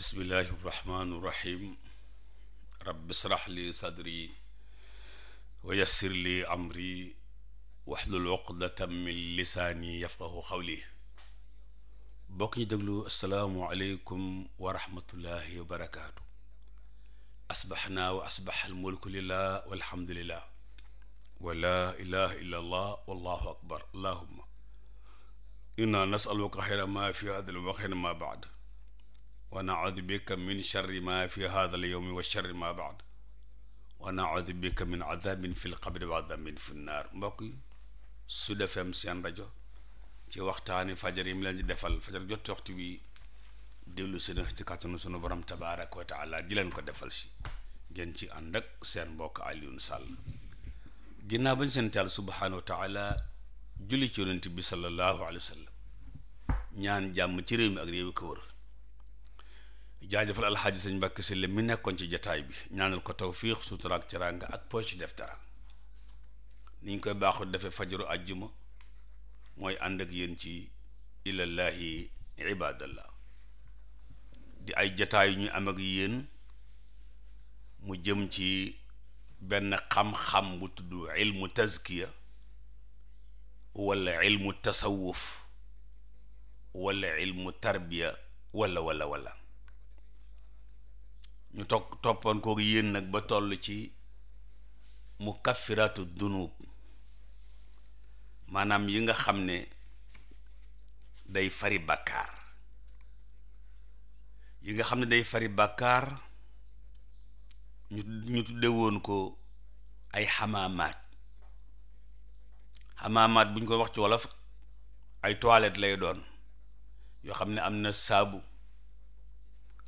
bismillahi rahmaani rahim rabbi israh li sadri wa yassir li amri waxlul uqdatan min lisaani yafqahu xawli bokk ñu déglu asalaamu aleykum wa rahmatullahi wa barakaatu asbaxnaa wa asbax almulku lillah walhamdulillah wa laa ilaha illa allah wallahu akbar allahumma inna nasaluka xayra ma fi hada alwaxin ma baad wa naudu bika min charri ma fi hada al yowmi wa charri ma baad wa naudu bika min adabin fi lqabri wa adabin fi nnaar mbokk yi Sud FM seen rajo ci waxtaani fajar yi mu leen di defal fajar jot waxtu bi déglu si na ci kàttanu sunu borom tabaaraka wa taala di leen ko defal si ngeen ci ànd ak seen mbokk Alioune Sall ginnaaw bañ seen taal subhaanahu wa taala julli ci yonent bi sallallahu alayhi wa sallam ñaan jàmm ci réew mi ak réew ko wër jaajëfal alxaaji sëñ Mbàkke Sylla mi nekkoon ci jataay bi ñaanal ko tawfiix su ak teraanga ak poche def dara ni ñu koy baaxu defee fajaru àjjuma mooy ànd ak yéen ci ilallaahi ibaadallah di ay jataay ñu am ak yéen mu jëm ci benn xam-xam bu tudd ilmu tazkiya wala ilmu tasawuf walla ilmu tarbiya wala walla wala ñu toog toppoon kooku yéen nag ba toll ci mu kaffiraatu dunub maanaam yi nga xam ne day fari bàkkaar yi nga xam ne day fari bàkkaar ñu ñu tudde woon ko ay xamaamaat xamaamaat bu ñu ko wax ci wolof ay toilette lay doon yoo xam ne am na saabu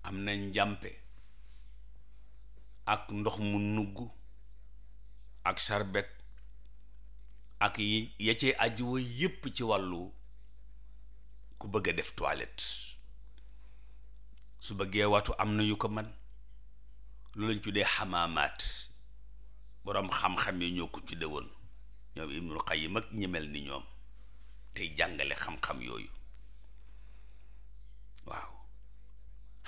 am na njàmpe ak ndox mu nugg ak sarbet ak yi ya cee ajuwa yépp ci wàllu ku bëgg a def toilet su bëggee watu am na yu ko man loolu lañ tuddee xamaamaat boroom xam-xam yi ñoo ko tudde woon ñoom Ibnul Qayyim ak ñi mel ni ñoom tey jàngale xam-xam yooyu waaw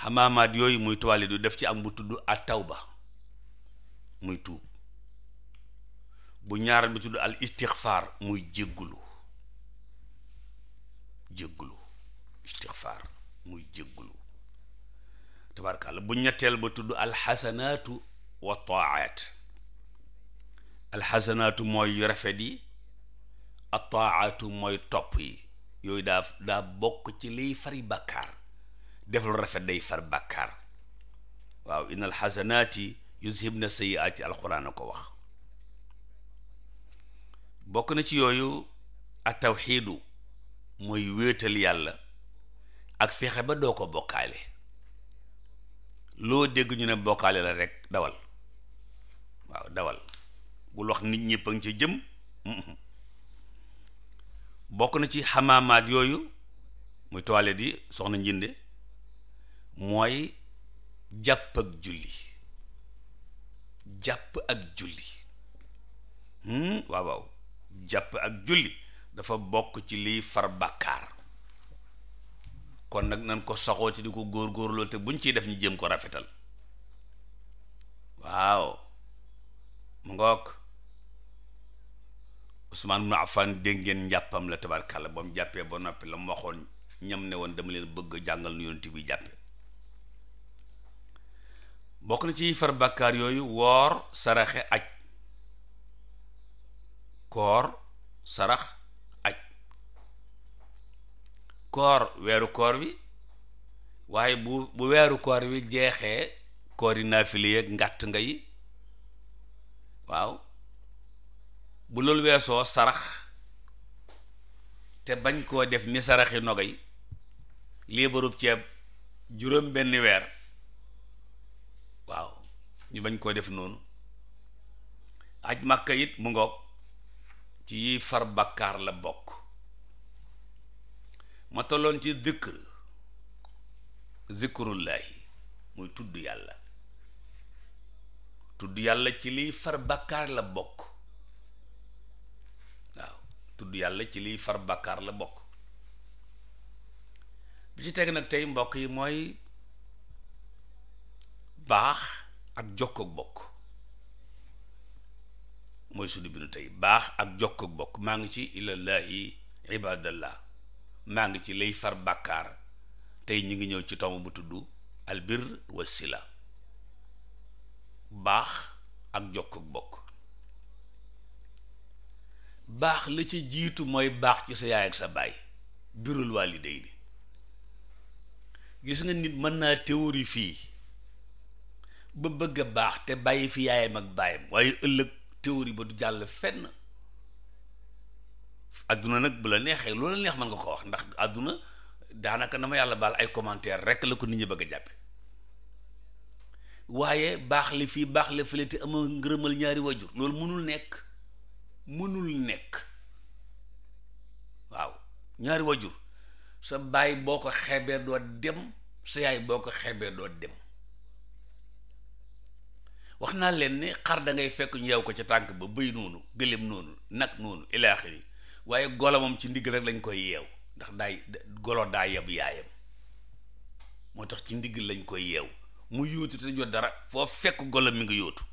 xamaamaat yooyu muy toilette du def ci am bu tudd at ba muy tuub bu ñaaral bi tudd al istixfaar muy jéggulu jéggulu istixfaar muy jéggulu tabaarkalla bu ñetteel ba tudd alxasanaatu wa taaat alxasanaatu mooy rafet yi a taaatu mooy topp yi yooyu daa daa bokk ci liy fari bàkkaar def lu rafet day far bàkkaar waaw inna alxasanaati na yuzhibna sayyi'aati alxuraan a ko wax bokk na ci yooyu at tawxiidu mooy wéetal yàlla ak fexe ba doo ko bokkaale loo dégg ñu ne bokkaale la rek dawal waaw dawal bul wax nit ñëpp a ngi ci jëm bokk na ci xamaamaat yooyu muy toilette soxna njinde mooy jàpp ak julli jàpp ak julli hmm? waaw waaw jàpp ak julli dafa bokk ci liy far bàkkaar kon nag nan ko soxoo ci di ko góorgóorloo te buñ ciy def ñu jéem ko rafetal waaw mu ngoog Ousmane ibn Affan dégg ngeen njàppam la tabarkàlla ba mu jàppee ba noppi la mu waxoon ñam ne woon dama leen bëgg jàngal nu yonent bi jàppe bokk na ci far bàkkaar yooyu woor saraxe aj koor sarax aj koor weeru koor wi waaye bu bu weeru koor wi jeexee koor yi naafile ngàtt ngay waaw bu loolu weesoo sarax te bañ koo def ni saraxi nogay léebarub ceeb juróom benn weer waaw ñu bañ koo def noonu aj màkka it mu ngoog ci yiy far bàkkaar la bokk ma tolloon ci dëkkër zikrullahi muy tudd yàlla tudd yàlla ci liy far bàkkaar la bokk waaw tudd yàlla ci liy far bàkkaar la bokk bi ci teg nag tey mbokk yi mooy baax ak jokkoog bokk mooy sunu bi nu tey baax ak jokkoog bokk maa ngi ci ilallahi ibadallah maa ngi ci lay far bàkkaar tey ñu ngi ñëw ci tomb bu tudd albir wasila baax ak jokkoog bokk baax la ci jiitu mooy baax ci sa yaay ak sa baay birul waalidayni gis nga nit mën naa théorie fii ba bëgg baax te bàyyi fi yaayam ak baayam waaye ëllëg théorie ba du jàll fenn adduna nag bu la neexee loolu la neex mën nga ko wax ndax adduna daanaka na ma yàlla baal ay commentaire rek la ko nit bëgg a jàppe waaye baax fii baax la fële te ama ngërëmal ñaari wajur loolu mënul nekk mënul nekk waaw ñaari wajur sa baay boo ko xeebee doo dem sa yaay boo ko xebee doo dem wax naa leen ni xar da ngay fekk ñu yow ko ca tànk ba bëy noonu gëléem noonu nag noonu ilaaxiri waaye golo moom ci ndigg rek lañ koy yeew ndax daay golo daa yab yaayam moo tax ci ndigg lañ koy yeew mu yóotu te jot dara foo fekk golo mi ngi yóotu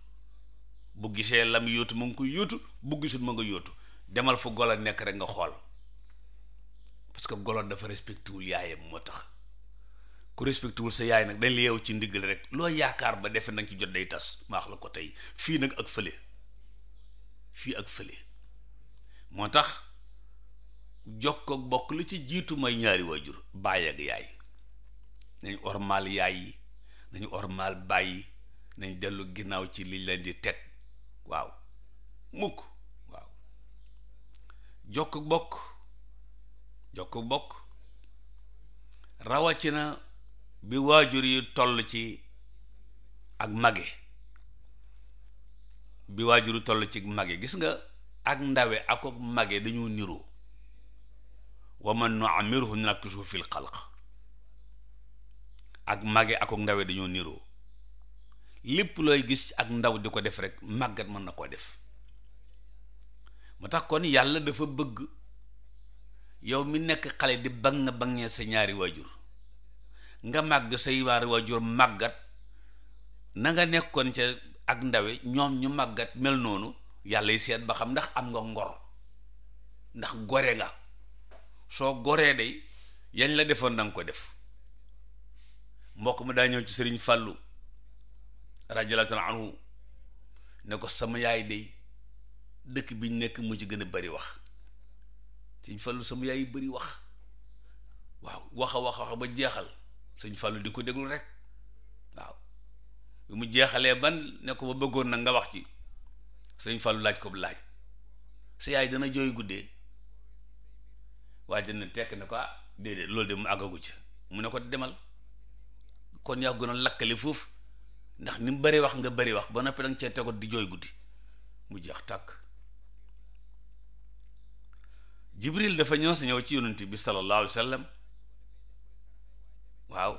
bu gisee lam yóotu mu ngi koy yóotu bu gisul ma nga yóotu demal fu golo nekk rek nga xool parce que golo dafa respecté wul yaayam moo tax ku respecté wul sa yaay nag dañ la yeew ci li rek loo yaakaar ba defe nag ci jot day tas maax la ko tey fii nag ak fële fii ak fële moo tax jokk bokk li ci jiitu may ñaari waajur baay ak yaay nañ ormaal yaay yi nañ ormaal baay yi nañ dellu ginnaaw ci liñ leen di teg waaw mukk waaw jokk bokk jokk bokk rawatina bi waajur yi toll ci ak mage bi waajur yi toll ci mage gis nga ak ndawe ak ak mage dañu niroo wa man nu'ammirhu nunakkisuhu fil xalq ak mage ak ak ndawe dañoo niroo lépp looy gis ak ndaw di ko def rek màggat mën na koo def moo tax kon yàlla dafa bëgg yow mi nekk xale di bang bangee sa ñaari waajur nga màgg say waar waajur màggat na nga nekkoon ca ak ndawe ñoom ñu màggat mel noonu yàlla yi seet ba xam ndax am nga ngor ndax gore nga soo goree day yañ la defoon na nga ko def mbokk mu daa ñëw ci sëriñ fàllu radiyallahu taala anhu ne ko sama yaay day dëkk biñ nekk mu ci gën a bari wax sëriñ fàllu sama yaay yi bari wax waaw waxa waxa waxa ba jeexal sëñ Fallou di ko déglu rek waaw bi mu jeexalee ban ne ko ba bëggoon nag nga wax ci sëñ Fallou laaj ko bu laaj sa yaay dana jooy guddee waaye dana tekk ne ko ah déedéet loolu de mu àggagu ca mu ne ko demal kon yaa gënoon lakkale foofu ndax ni mu bëri wax nga bëri wax ba noppi danga cee tegoot di jooy guddi mu jeex tàkk Jibril dafa ñoo sa ñëw ci yonent bi sallallahu alayhi wa sallam waaw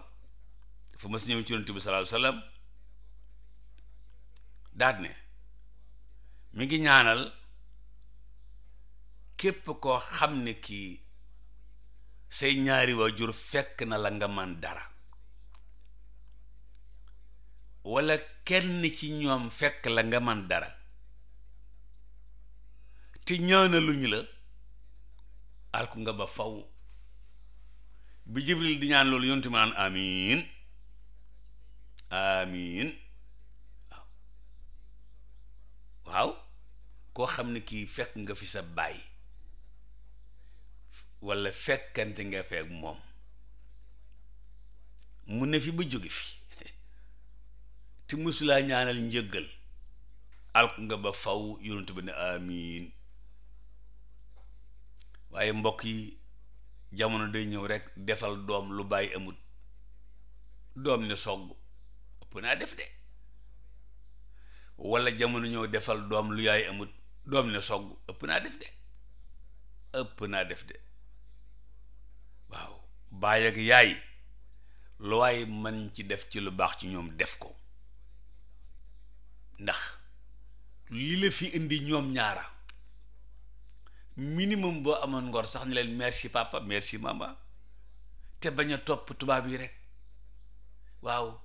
dafa mas ñëw ci yonent bi sallallahu alayhi wasallam daat ne mi ngi ñaanal képp koo xam ne kii say ñaari waajur fekk na la nga man dara walla kenn ci ñoom fekk la nga man dara te ñaanaluñu la alku nga ba faw bi jibril di ñaan loolu yontu ma naan amiin amiin waaw koo xam ne kii fekk nga fi sa baay walla fekkante nga fekk moom mu na fi ba jóge fi te mësulaa ñaanal njëggal alk nga ba faw yonent bi ne amiin waaye mbokk yi jamono day ñëw rekk defal doom lu bàyyi amut doom ne sogg ëpp naa def de wala jamono ñëw defal doom lu yaay amut doom ne sogg ëpp naa def de ëpp naa def de waaw baay ak yaay lu waay mën ci def ci lu baax ci ñoom def ko ndax li la fi indi ñoom ñaara minimum boo amoon ngor sax ni leen merci papa merci mama te bañ a topp tubaab yi rek waaw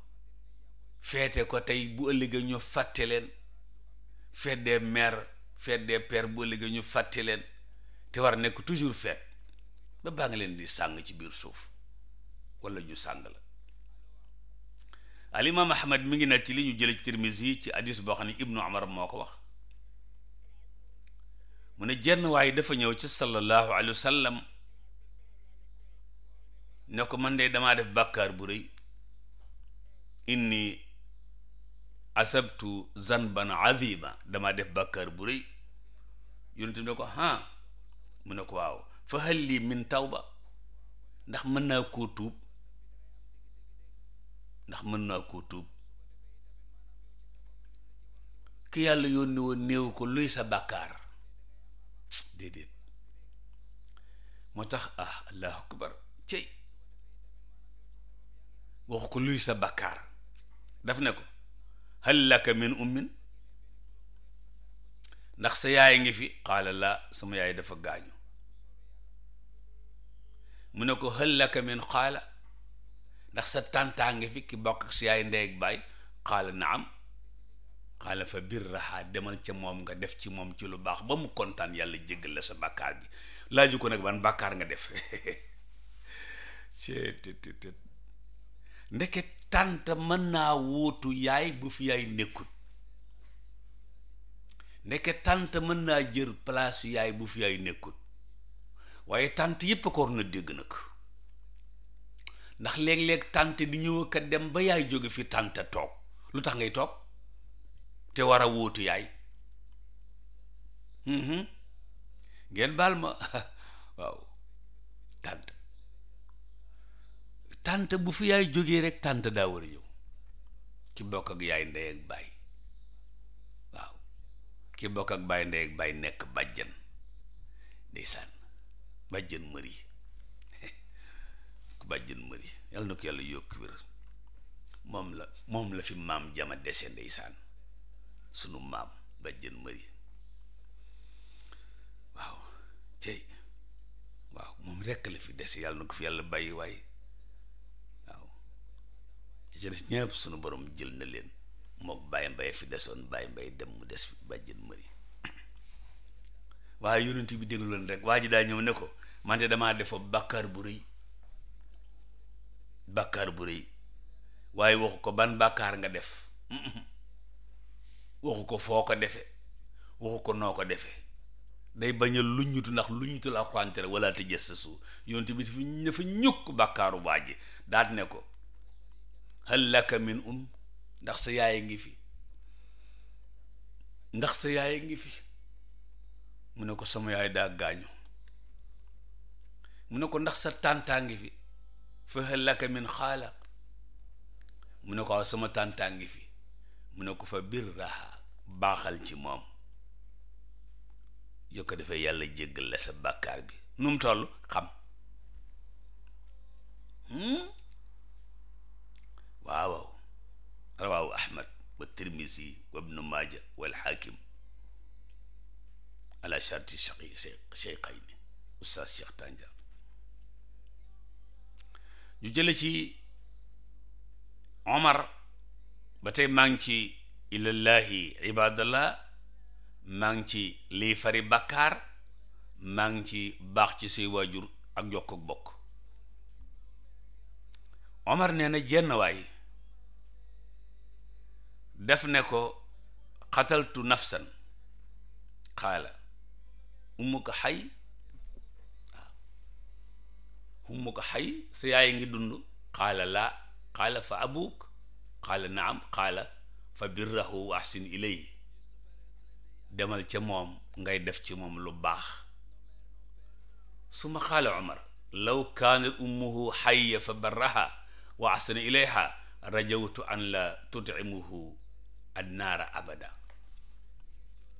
feete ko tey bu ëllëgee ñu fàtte leen fête des mères fête des pères bu ëllëgee ñu fàtte leen te war nekk toujours fête ba baa nga leen di sàng ci biir suuf walla ñu sàng la alimaam ahmad mu ngi ne ci li ñu jële ci Tirmisi yi ci hadis boo xam ne ibnu Umar moo ko wax mu ne jenn waaye dafa ñëw ca sallallahu alayhi wa ne ko man de damaa def bàkkaar bu rëy inni asabtu zanban azima damaa def bàkkaar bu rëy yonent ne ko ha mu ne ko waaw fa hal lii min tawba ndax mën naa koo tuub ndax mën naa koo tuub ki yàlla yónni woon néew ko luy sa bàkkaar déedéet moo tax ah allahu akbar cey waxu ko luy sa bakkaar daf ne ko hal laka min ummin ndax sa yaay ngi fi qaala laa sama yaay dafa gaañu mu ne ko hal laka min qaala ndax sa tàntaa ngi fi ki bokk si yaay ndey ak baay qaala naam xaala fa biir raxaa demal ca moom nga def ci moom ci lu baax ba mu kontaan yàlla jéggal la sa bàkkaar bi laaju ko nag ban bàkkaar nga def tànt mën naa wóotu yaay bu fi yaay nekkut ndeke tànt mën naa jër place yaay bu fi yaay nekkut waaye tànt yépp a ko war na dégg nag ndax léeg-léeg tànt di ñëw kat dem ba yaay jóge fi tànt toog lu tax ngay toog te war a wóotu yaay mhm. ngeen baal ma waaw tànt tànt bu fi yaay jógee rek tànt daa war a ñëw ki bokk ak yaay ndey ak baay waaw ki bokk ak baay ndey ak baay nekk bàjjan ndeysaan bàjjan mëri ku bàjjan mëri yàlla na ko yàlla yokk wér moom la moom la fi maam jama dese ndeysaan sunu maam ba jën mari waaw cey waaw moom rekk la fi des yàlla na ko fi yàlla bàyyi waaye waaw jenes ñëpp sunu borom jël na leen mook bàyyi mbay fi desoon bàyyi mbay dem mu des fi ba jën waaye yonent bi déglu leen rek waa ji daa ñëw ne ko man de damaa defoo bàkkaar bu rëy bàkkaar bu rëy waaye waxu ko ban bàkkaar nga def waxu ko foo ko defe waxu ko noo ko defee day bañ lu luññutu ndax luññutu la alxuraan tere wala te jës sa suuf yonent bi dafa dafa ñukk bàkkaaru baa ji daat ne ko hal laka min um ndax sa yaay ngi fi ndax sa yaay a ngi fi mu ne ko sama yaay daa gaañu mu ne ko ndax sa tàntaa ngi fi fa hal laka min xaala mu ne ko waaw sama tàntaa ngi fi mu ne ko fa biir raxa baaxal ci moom yoo ko defee yàlla jéggal la sa bàkkaar bi nu mu toll xam hmm? waaw waaw rawaahu ahmad wa tirmisi wa ibnu maaja wal xaakim ala sharti shaqi shaykhayni ustaas Cheikh Tandiar ñu jële ci Omar ba tey maa ngi ci ilallahi ibadallah maa ngi ci liy fari bàkkaar maa ngi ci baax ci say waajur ak jokk ak bokk Omar nee na jenn waay def ne ko xataltu nafsan xaala ummuka xay waaw xay sa yaay ngi dund xaala laa xaala fa abuk qaala naam qaala fa birrahu wa ahsin ilayhi demal ca moom ngay def ci moom lu baax suma xaala omar law kaanat ummuhu xayya fa barraha wa ahsana ilayha rajawtu an la tutcimuhu annaara abada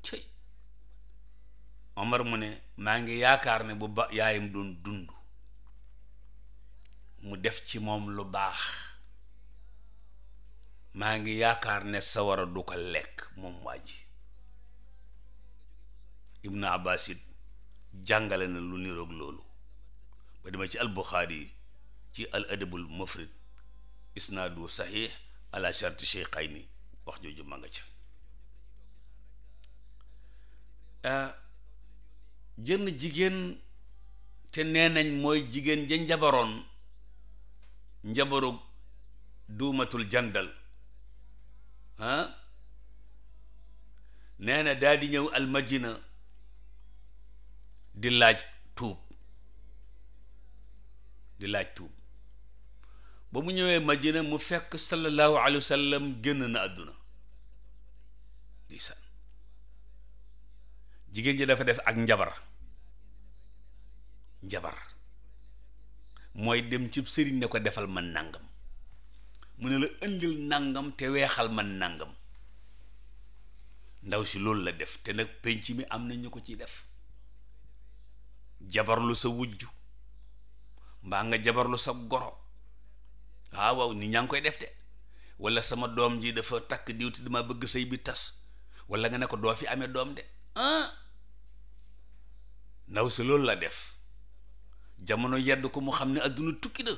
cëy omar mu ne maa ngi yaakaar ne bu ba yaayam doon dund mu def ci moom lu baax maa ngi yaakaar ne sawara du ko lekk moom waa ji ibnu abbasid jàngale na lu niroog loolu ba dama ci al buxaari ci al adabul mufrid isnaadu saxiix ala sharti cheikhayni wax jooju ma nga ca jënn jigéen te nee nañ mooy jigéen ja njabaroon njabarug duumatul jandal ah nee na daal di ñëw almajina di laaj tuub di laaj tuub ba mu ñëwee majina mu fekk sallallahu alayhi wa génn na àdduna jigéen ji dafa def ak njabar njabar mooy dem ci sëriñ ne ko defal ma nangam mu ne la indil nangam te weexal man nangam ndaw si loolu la def te nag penc mi am na ñu ko ci def jabarlu sa wujju mbaa nga jabarlu sa goro ah waaw nit ñaa ngi koy def de wala sama doom ji dafa takk diw te dama bëgg sëy bi tas wala nga ne ko doo fi amee doom de ah ndaw si loolu la def jamono yedd ko mu xam ne adduna tukki da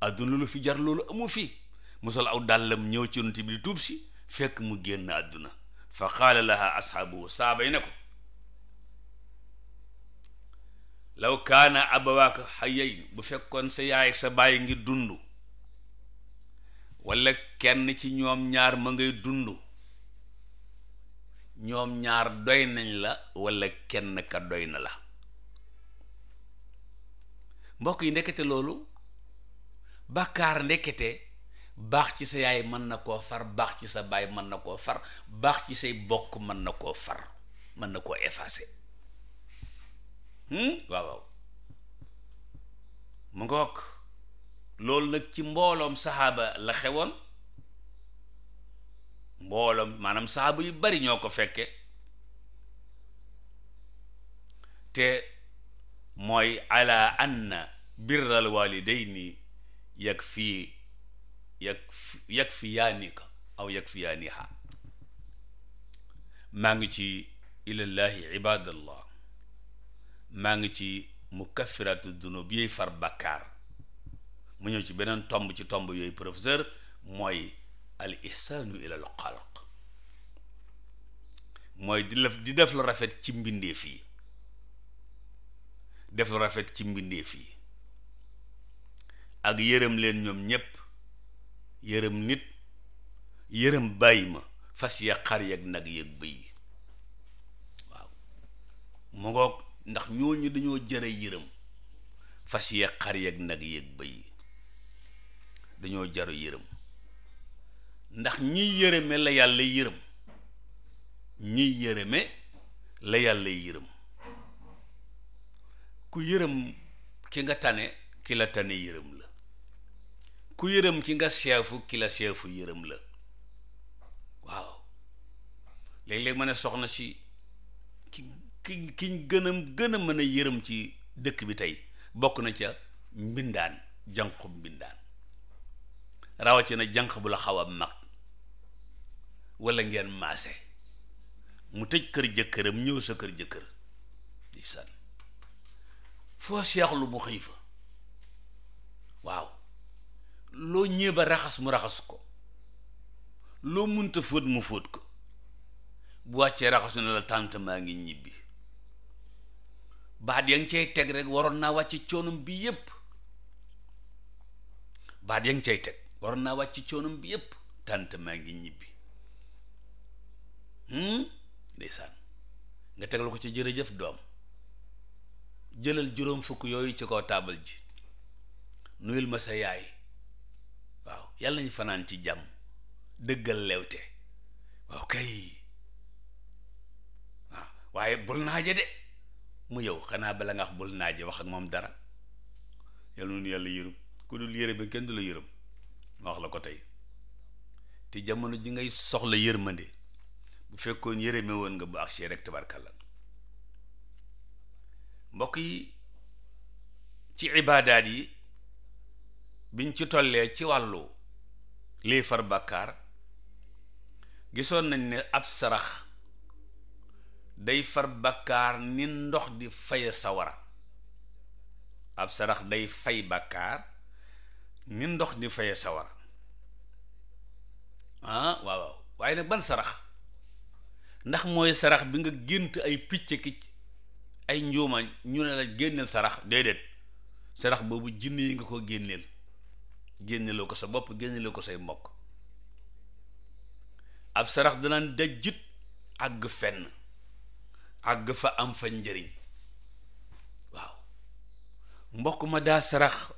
àdduna lu fi jar loolu amu fi mu aw dàllam ñëw ci yonent bi di tuub si fekk mu génn àdduna fa qaala laha ashaabuhu saaba yi ne ko law kaana abawaaka xayayn bu fekkoon sa yaay sa baay ngi dund walla kenn ci ñoom ñaar ma ngay dund ñoom ñaar doy nañ la walla kenn ka doy na la mbokk yi ndekkete loolu bàkkaar ndekete baax ci sa yaay mën na koo far baax ci sa baay mën na koo far baax ci say bokk mën na koo far mën na koo effacer hmm? waaw waaw mu nga wokk loolu nag ci mbooloom saxaaba la xewoon mbooloom maanaam saxaaba yu bari ñoo ko fekke te mooy ala anna birral walidayni yag fii yag yag fi yaanika aw yag yaaniha maa ngi ci ilallahi ibadallah maa ngi ci mukaffiratu dunub yooyu far bakkaar mu ñëw ci beneen tomb ci tomb yooyu professeur mooy al ihsaanu ilal xalq mooy di def di lu rafet ci mbindeef yi def lu rafet ci mbindeef yi ak yërëm leen ñoom ñépp yërëm nit yërëm bàyyi ma fas ya xar yag nag yëg bëy waaw mu ngoog ndax ñooñu dañoo jëre yërëm fas ya xar yag nag yëg bëy dañoo jaru yërëm ndax ñi yërëme la yàlla yërëm ñi yërëme la yàlla yërëm ku yërëm ki nga tane ki la tane yërëm la ku yërëm ci nga seefu ki la seefu yërëm la waaw léeg-léeg ma ne soxna si ki ki ki gën a gën a mën a yërëm ci dëkk bi tey bokk na ca mbindaan jànq mbindaan rawatina jànq bu la xaw a mag wala ngeen maase mu tëj kër jëkkëram ñëw sa kër jëkkër di san foo seexlu mu xëy fa waaw loo ñëw raxas mu raxas ko loo munta fóot mu fóot ko bu wàccee raxasu na la tànt maa ngi ñibbi baat ya nga cay teg rek waroon naa wàcc coonum bi yépp baat ya ngi cay teg waroon naa wàcc coonum bi yépp tànt maa ngi ñibbi hmm? ndeysaan nga tegal ko ci jërëjëf doom jëlal juróom fukk yooyu ci kaw taabal ji nuyul ma sa yaay waaw yàlla nañ fanaan ci jàmm dëggal lewte waaw kay waaw waaye bul naaje de mu yow xanaa bala nga wax bul naaje wax ak moom dara yàlla nu yàlla yërëm ku dul yërëme kenn du yërëm ma wax la ko tey te jamono ji ngay soxla yërmande bu fekkoon yërëme woon nga bu agsee rek tabarkalla mbokk yi ci ibaadaat yi biñ ci tollee ci wàllu lii far bàkkaar gisoon nañ ne ab sarax day far bàkkaar ni ndox di faye sawara ab sarax day fay bàkkaar ni ndox di faye sawara ah waaw waaw waaye nag ban sarax ndax mooy sarax bi nga gént ay picc ki ay njuuma ñu ne la génneel sarax déedéet sarax boobu jinne yi nga ko génneel génneloo ko sa bopp génne la ko say mbokk ab sarax danaan dajjut àgg fenn àgg fa am fa njëriñ waaw mbokk ma daa sarax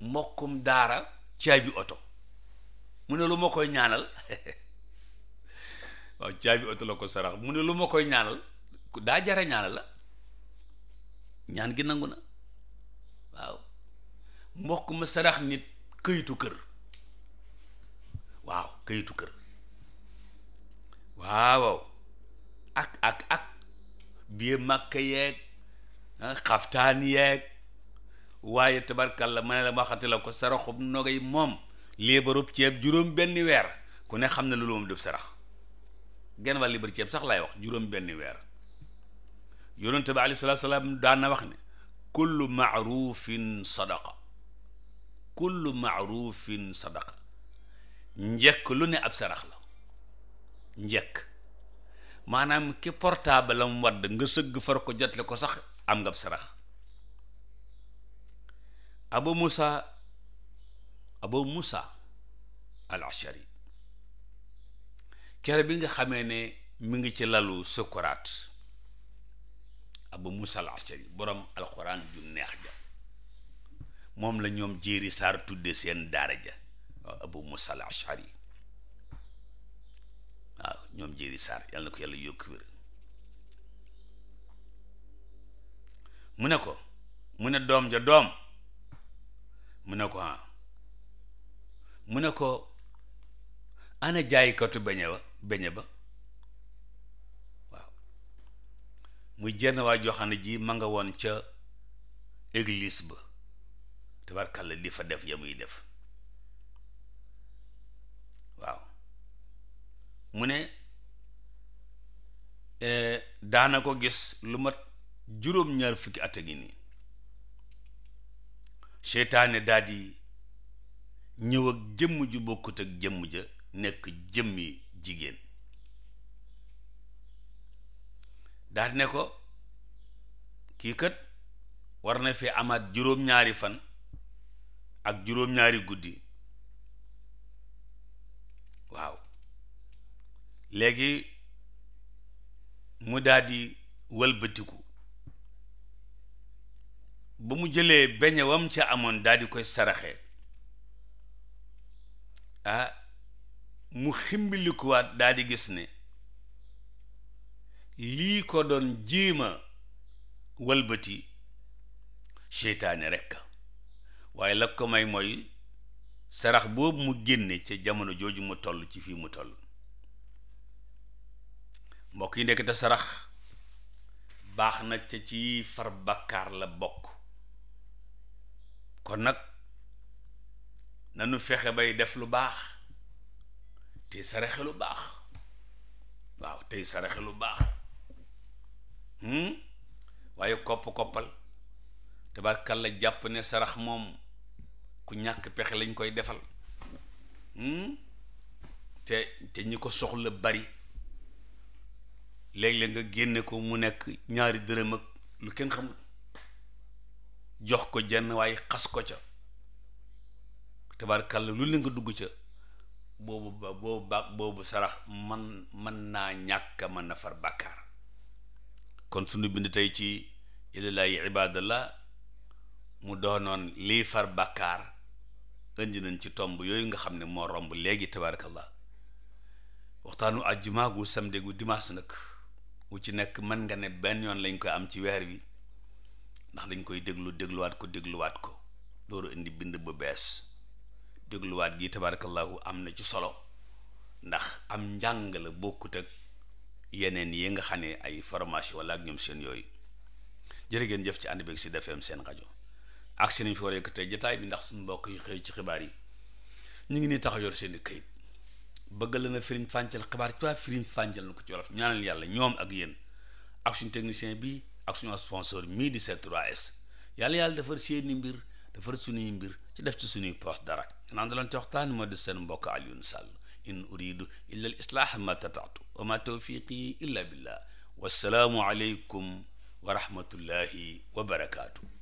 mbokkum daara bi oto mu ne lu ma koy ñaanal waaw caabi oto la ko sarax mu ne lu ma koy ñaanal daa jara ñaanal la ñaan gi nangu na waaw mbokk ma sarax nit këyitu kër waaw këyitu kër waaw ak ak ak biir màkka yeeg ah, xaftaan yeeg waaye tabarkalla ma ne la waxati la ko saraxub nogay moom léebarub ceeb juróom benn weer ku ne xam ne loolu moom du sarax genn wàll ceeb sax laay wax juróom benn weer yonente bi aleyhi salaatu salaam daan wax ne kullu maarufin sadaqa kullu maarufin sadaqa njekk lu ne ab sarax la njekk maanaam ki portable wadd nga sëgg far ko jotle ko sax am nga ab sarax abu musa abu musa al ashari kere bi nga xamee ne mu ngi ci lalu sukuraat abu musa al ashari borom alquran ju neex ja moom la ñoom jéeri saar tudde seen daara ja waaw abu musa al ashari waaw ñoom jéeri saar yàlla na ko yàlla yokk wér mu ne ko mu ne doom ja doom mu ne ko ah mu ne ko ana jaaykatu beñe ba beñe ba waaw muy jenn waa joo ne ji ma nga woon ca église ba tabarkalla di fa def ya muy def waaw mu ne eh, daana ko gis lu mat juróom-ñaar fukki at a nii seytaane daal ñëw ak jëmm ju bokkut ak jëmm ja nekk jëmmi jigéen daal ko kii kat war na fi amaat juróom-ñaari fan ak juróom-ñaari guddi waaw léegi mu daldi wëlbatiku ba mu jëlee beñe wam ca amoon daldi koy saraxe ah mu ximbilikuwaat daldi gis ne lii ko doon jéema wëlbati seytaane rekk waaye la ko may mooy sarax boobu mu génne ca jamono jooju mu toll ci fii mu toll mbokk yi nekk te sarax baax na ca ci far bakkaar la bokk kon nag nanu fexe bay def lu baax tey saraxe lu baax waaw tey saraxe lu baax hmm? waaye kopp koppal tabarkal la jàpp ne sarax moom ku ñàkk pexe lañ koy defal hmm? te te ñi ko soxla bari léeg-léeg nga génne ko mu nekk ñaari dërëm ak lu kenn xamul jox ko jenn waaye xas ko ca tabarkàlla lu leen nga dugg ca boobu ba boobu sarax man mën naa ñàkk a mën a far bàkkaar kon sunu bind tey ci illalaahi ibadallah mu doonoon lii far bàkkaar indi nañ ci tomb yooyu nga xam ne moo romb léegi tabaarakallah waxtaanu àjjuma gu samedi gu dimanche nag wu ci nekk mën nga ne benn yoon lañ koy am ci weer wi ndax dañ koy déglu dégluwaat ko dégluwaat ko loolu indi bind bu bees dégluwaat gi tabaarakallahu am na ci solo ndax am njàng la bokkut ak yeneen yi nga xam ne ay formation wala ak ñoom seen yooyu jërë ngeen jëf ci ànd beeg si defeem seen rajo ak si nañ fi jataay bi ndax suñu mbokk yi xëy ci xibaar yi ñu ngi nii taxaw yor seen i këyit bëgg la na firiñ fàncal xibaar ci waa ko ci wolof yàlla ñoom ak yéen ak suñu technicien bi ak suñu sponsor mii di c 3 yàlla yàlla defar seeni mbir defar suñuy mbir ci def ci suñuy poste dara naan da leen ci waxtaan moo di seen mbokk Alioune Sall in uridu illa al islaaha ma tataatu wa ma tawfiqi illa billah wassalaamu aleykum wa rahmatullahi wa barakaatu